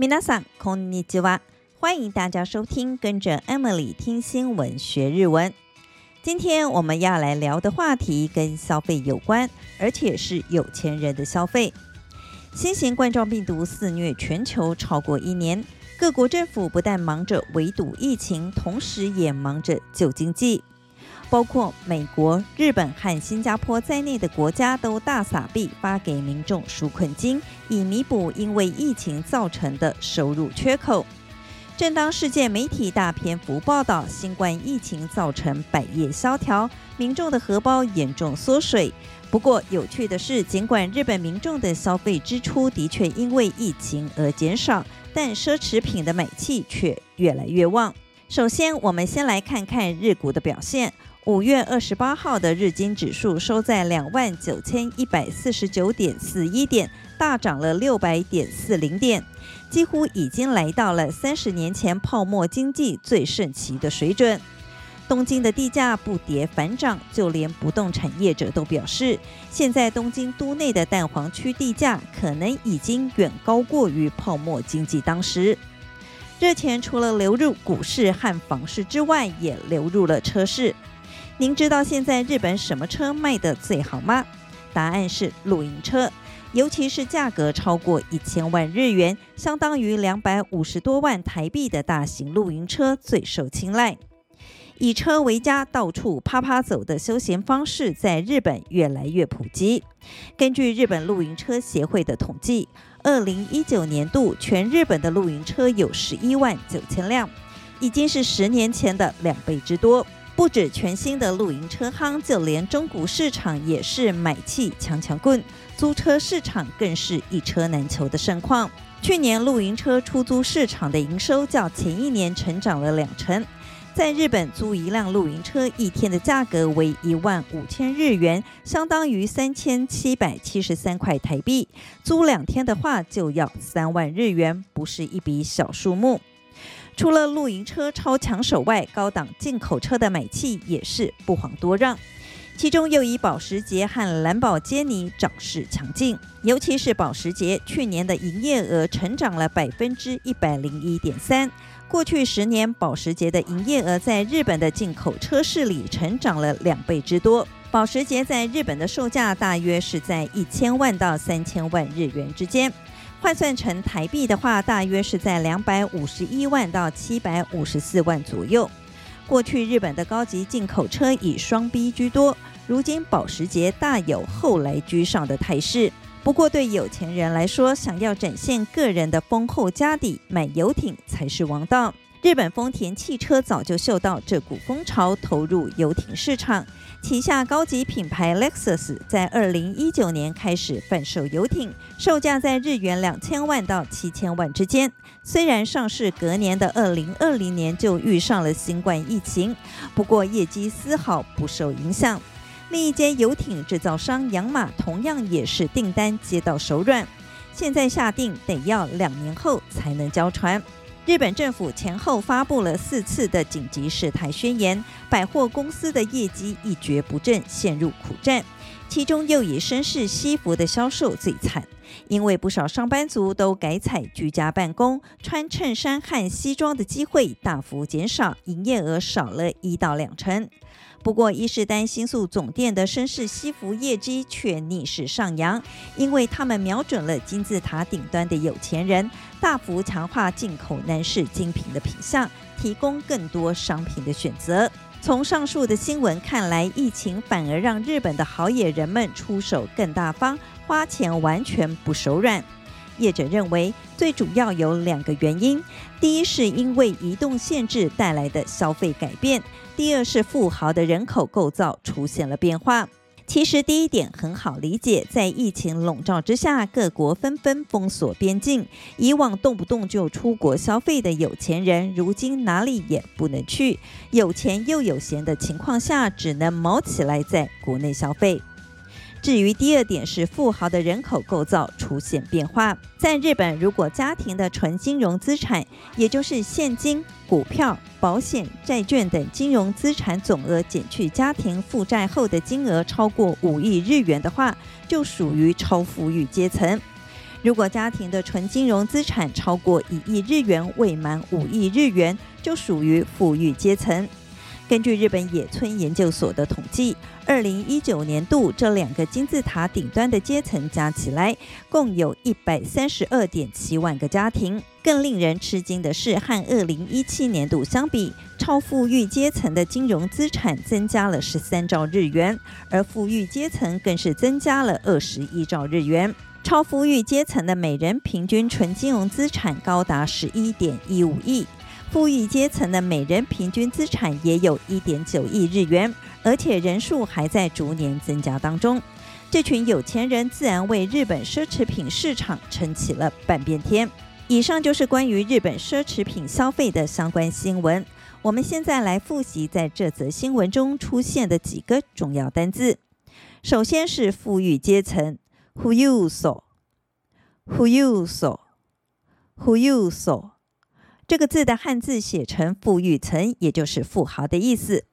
皆さん、こんにちは。歡迎大家收聽，跟着 Emily 聽新聞學日文。今天我們要來聊的話題跟消費有關，而且是有錢人的消費。新型冠狀病毒肆虐全球超過一年，各國政府不但忙着圍堵疫情，同時也忙着救經濟。包括美國、日本和新加坡在內的國家都大撒幣，發給民眾紓困金，以彌補因為疫情造成的收入缺口。正當世界媒體大篇幅報道新冠疫情造成百業蕭條、民眾的荷包嚴重縮水，不過有趣的是，儘管日本民眾的消費支出的確因為疫情而減少，但奢侈品的買氣卻越來越旺。首先，我們先來看看日股的表現。五月二十八號的日經指數收在兩萬九千一百四十九點四一點，大漲了六百點四零點，幾乎已經來到了三十年前泡沫經濟最盛期的水準。東京的地價不跌反漲，就連不動產業者都表示，現在東京都內的蛋黃區地價可能已經遠高過於泡沫經濟當時。熱錢除了流入股市和房市之外，也流入了車市。您知道現在日本什麼車賣得最好嗎？答案是露營車，尤其是價格超過一千萬日元（相當於兩百五十多萬台幣）的大型露營車最受青睞。以車為家，到處趴趴走的休閒方式在日本越來越普及。根據日本露營車協會的統計。二零一九年度，全日本的露營車有十一萬九千輛，已經是十年前的兩倍之多。不止全新的露營車夯，就連中古市場也是買氣強強滾，租車市場更是一車難求的盛況。去年露營車出租市場的營收較前一年成長了兩成。在日本租一輛露營車一天的價格為一萬五千日元，相當於三千七百七十三塊台幣。租兩天的話就要三萬日元，不是一筆小數目。除了露營車超搶手外，高檔進口車的買氣也是不遑多讓，其中又以保時捷和藍寶堅尼漲勢強勁，尤其是保時捷去年的營業額成長了百分之一百零一點三。過去十年，保時捷的營業額在日本的進口車市裡成長了兩倍之多。保時捷在日本的售價大約是在一千萬到三千萬日元之間，換算成台幣的話，大約是在兩百五十一萬到七百五十四萬左右。過去日本的高級進口車以雙 B 居多，如今保時捷大有後來居上的態勢。不過，對有錢人來說，想要展現個人的豐厚家底，買遊艇才是王道。日本豐田汽車早就嗅到這股風潮，投入遊艇市場。旗下高級品牌 Lexus 在2019年開始販售遊艇，售價在日元兩千萬到七千萬之間。雖然上市隔年的2020年就遇上了新冠疫情，不過業績絲毫不受影響。另一間遊艇製造商洋馬同樣也是訂單接到手軟，現在下定得要兩年後才能交船。日本政府前後發布了四次的緊急事態宣言，百貨公司的業績一蹶不振，陷入苦戰，其中又以紳士西服的銷售最慘。因為不少上班族都改採居家辦公，穿襯衫和西裝的機會大幅減少，營業額少了一到兩成。不過，伊勢丹新宿總店的紳士西服業績卻逆勢上揚，因為他們瞄準了金字塔頂端的有錢人，大幅強化進口男士精品的品項，提供更多商品的選擇。從上述的新聞看來，疫情反而讓日本的好野人們出手更大方，花錢完全不手軟。業者認為，最主要有兩個原因：第一是因為移動限制帶來的消費改變；第二是富豪的人口構造出現了變化。其實第一點很好理解，在疫情籠罩之下，各國紛紛封鎖邊境。以往動不動就出國消費的有錢人，如今哪裡也不能去。有錢又有閒的情況下，只能卯起來在國內消費。至於第二點是富豪的人口構造出現變化，在日本，如果家庭的純金融資產，也就是現金。股票、保險、債券等金融資產總額減去家庭負債後的金額超過五億日元的話，就屬於超富裕階層；如果家庭的純金融資產超過一億日元未滿五億日元，就屬於富裕階層。根據日本野村研究所的統計，二零一九年度這兩個金字塔頂端的階層加起來共有一百三十二點七萬個家庭。更令人吃驚的是，和二零一七年度相比，超富裕階層的金融資產增加了十三兆日元，而富裕階層更是增加了二十一兆日元。超富裕階層的每人平均純金融資產高達十一點一五億。富裕階層的每人平均資產也有一點九億日元，而且人數還在逐年增加當中。這群有錢人自然為日本奢侈品市場撐起了半邊天。以上就是關於日本奢侈品消費的相關新聞。我們現在來複習在這則新聞中出現的幾個重要單字：首先是富裕階層，who you saw，who you saw，who you saw 這個字的漢字寫成“富裕層”，也就是富豪的意思。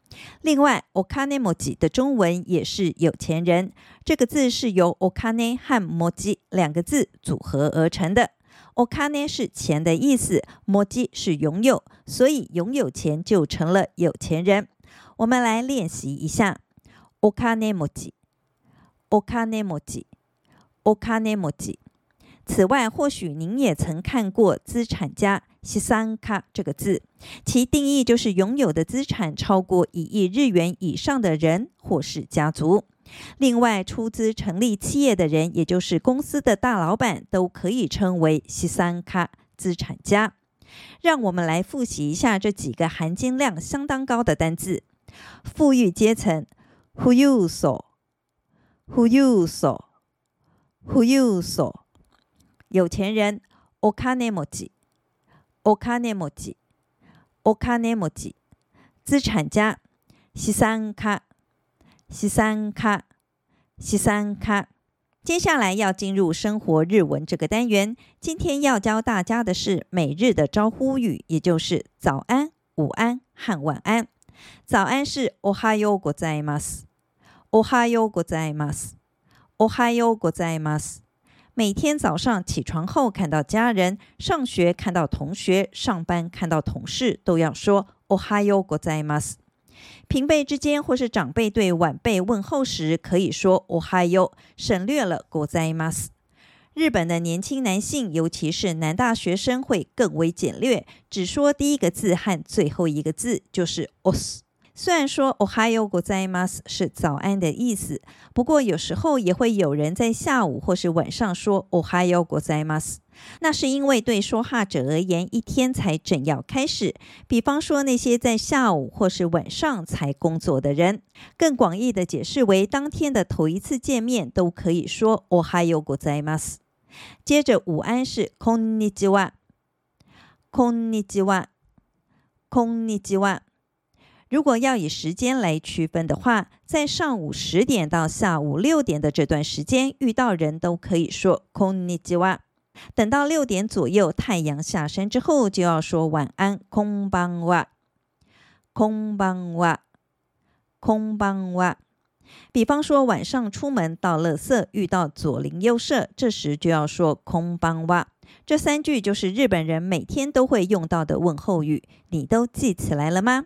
另外，“okane mochi” 的中文也是有錢人。這個字是由 “okane” 和 “mochi” 兩個字組合而成的。“okane” 是錢的意思，“mochi” 是擁有，所以擁有錢就成了有錢人。我們來練習一下：okane mochi，okane mochi，okane mochi。此外，或許您也曾看過“資產家”西三卡這個字，其定義就是擁有的資產超過一億日元以上的人或是家族。另外，出資成立企業的人，也就是公司的大老闆，都可以稱為西三卡資產家。讓我們來複習一下這幾個含金量相當高的單詞：富裕階層，富裕所、富裕所、富裕所。有錢人，お金持ち，お金持ち，お金持ち，資產家，資産家，資産家，資産家。接下來要進入生活日文這個單元，今天要教大家的是每日的招呼語，也就是早安、午安和晚安。早安是おはようございます，おはようございます，おはようございます。每天早上起床後看到家人，上學看到同學，上班看到同事，都要說 “Ohayo gozaimasu”。平輩之間或是長輩對晚輩問候時，可以說 “Ohayo”，省略了 “gozaimasu”。日本的年輕男性，尤其是男大學生，會更為簡略，只說第一個字和最後一個字，就是 “osu”。雖然說おはようございます是早安的意思，不過有時候也會有人在下午或是晚上說おはようございます。那是因為對說話者而言，一天才正要開始。比方說那些在下午或是晚上才工作的人，更廣義的解釋為當天的頭一次見面都可以說おはようございます。接着午安是こんにちは。こんにちは。こんにちは。如果要以時間來區分的話，在上午十點到下午六點的這段時間遇到人都可以說 “konnichiwa”，等到六點左右太陽下山之後就要說晚安 “konbanwa”。konbanwa，konbanwa。比方說晚上出門倒垃圾遇到左鄰右舍，這時就要說 “konbanwa”。這三句就是日本人每天都會用到的問候語，你都記起來了嗎？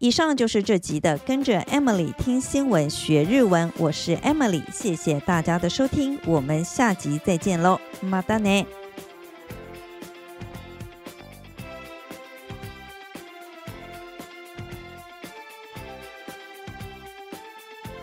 以上就是這集的，跟着 Emily 聽新聞學日文。我是 Emily，謝謝大家的收聽，我們下集再見嘍，またね。